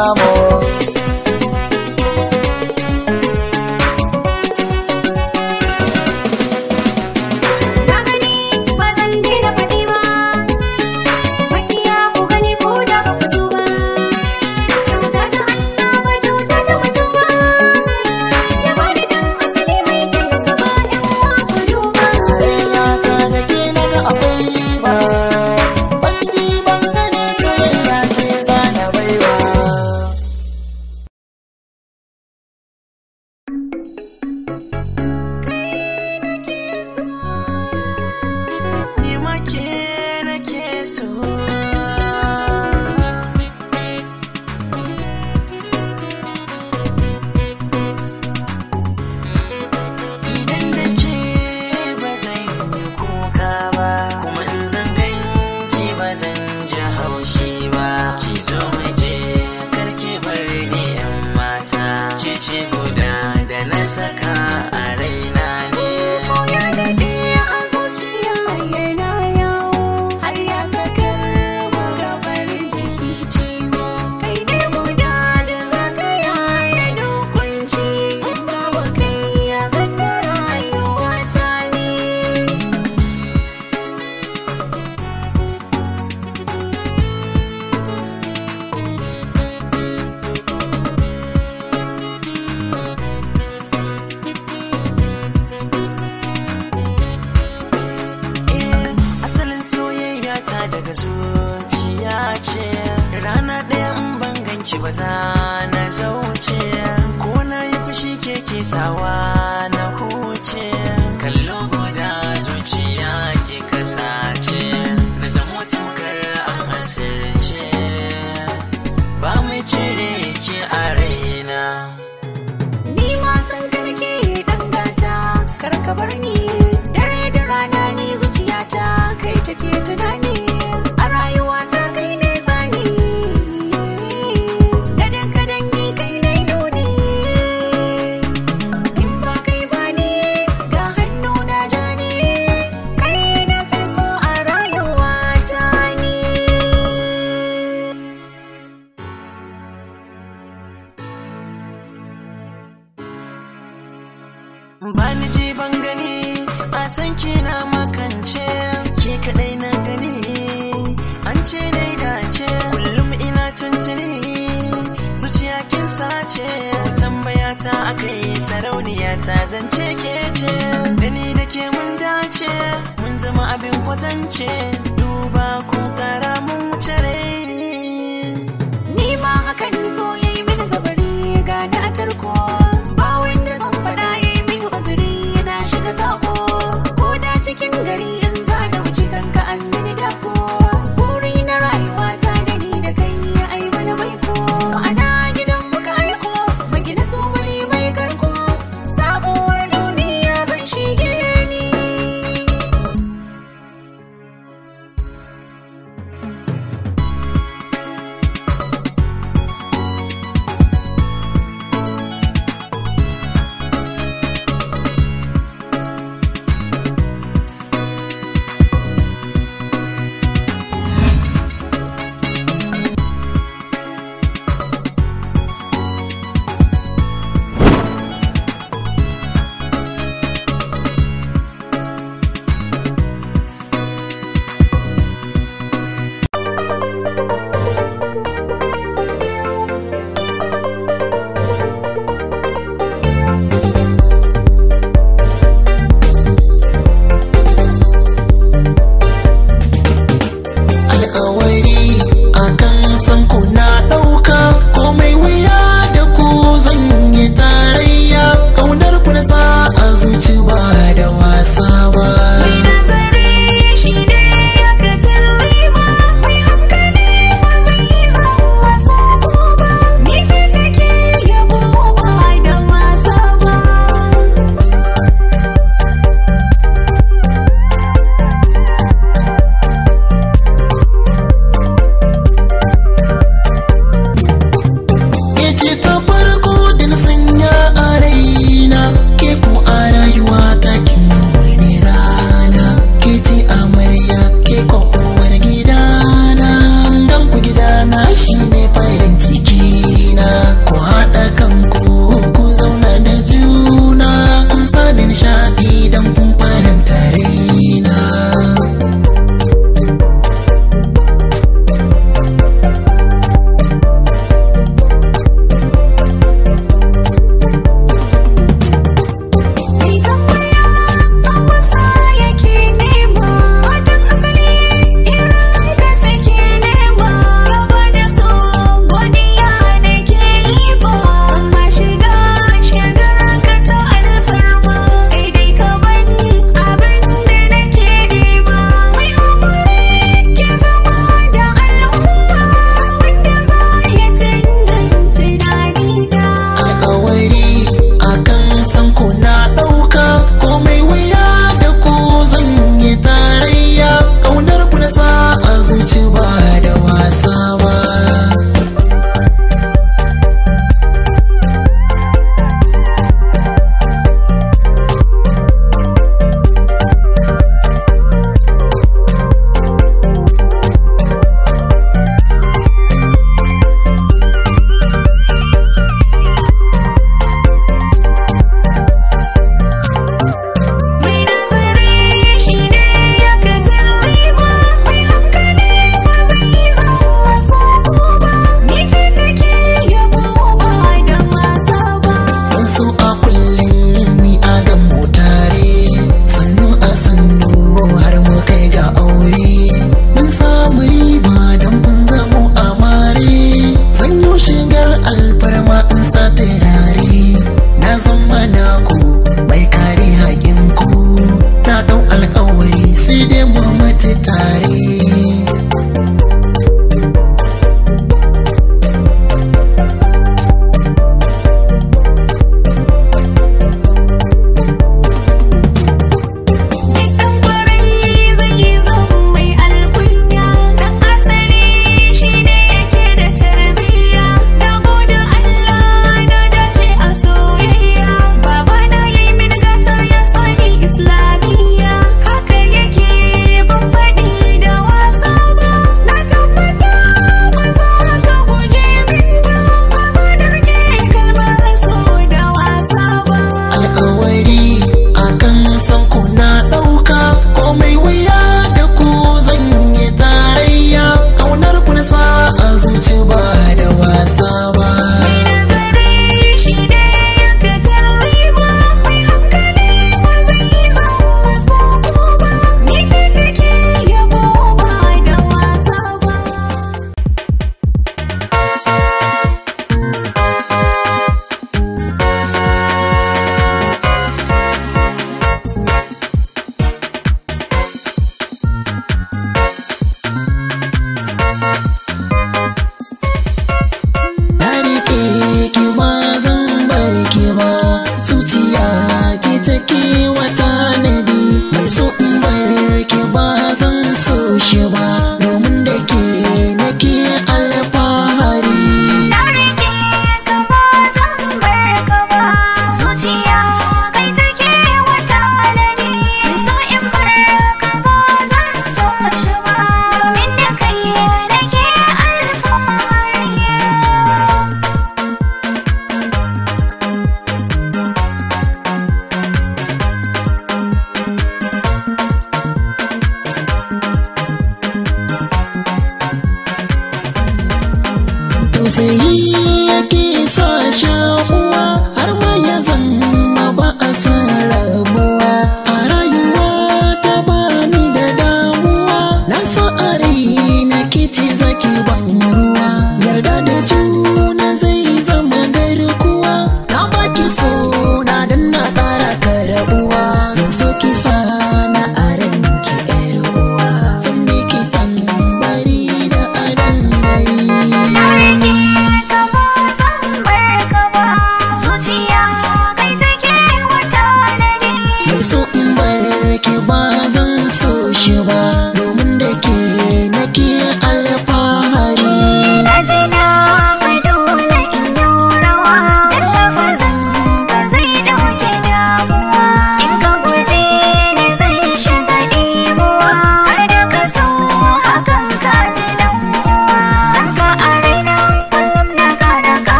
amor. da na saka a raina na zance ke ce Dani da ke mun dace mun zama abin kwatance duba ku kara mun cire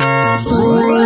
Soul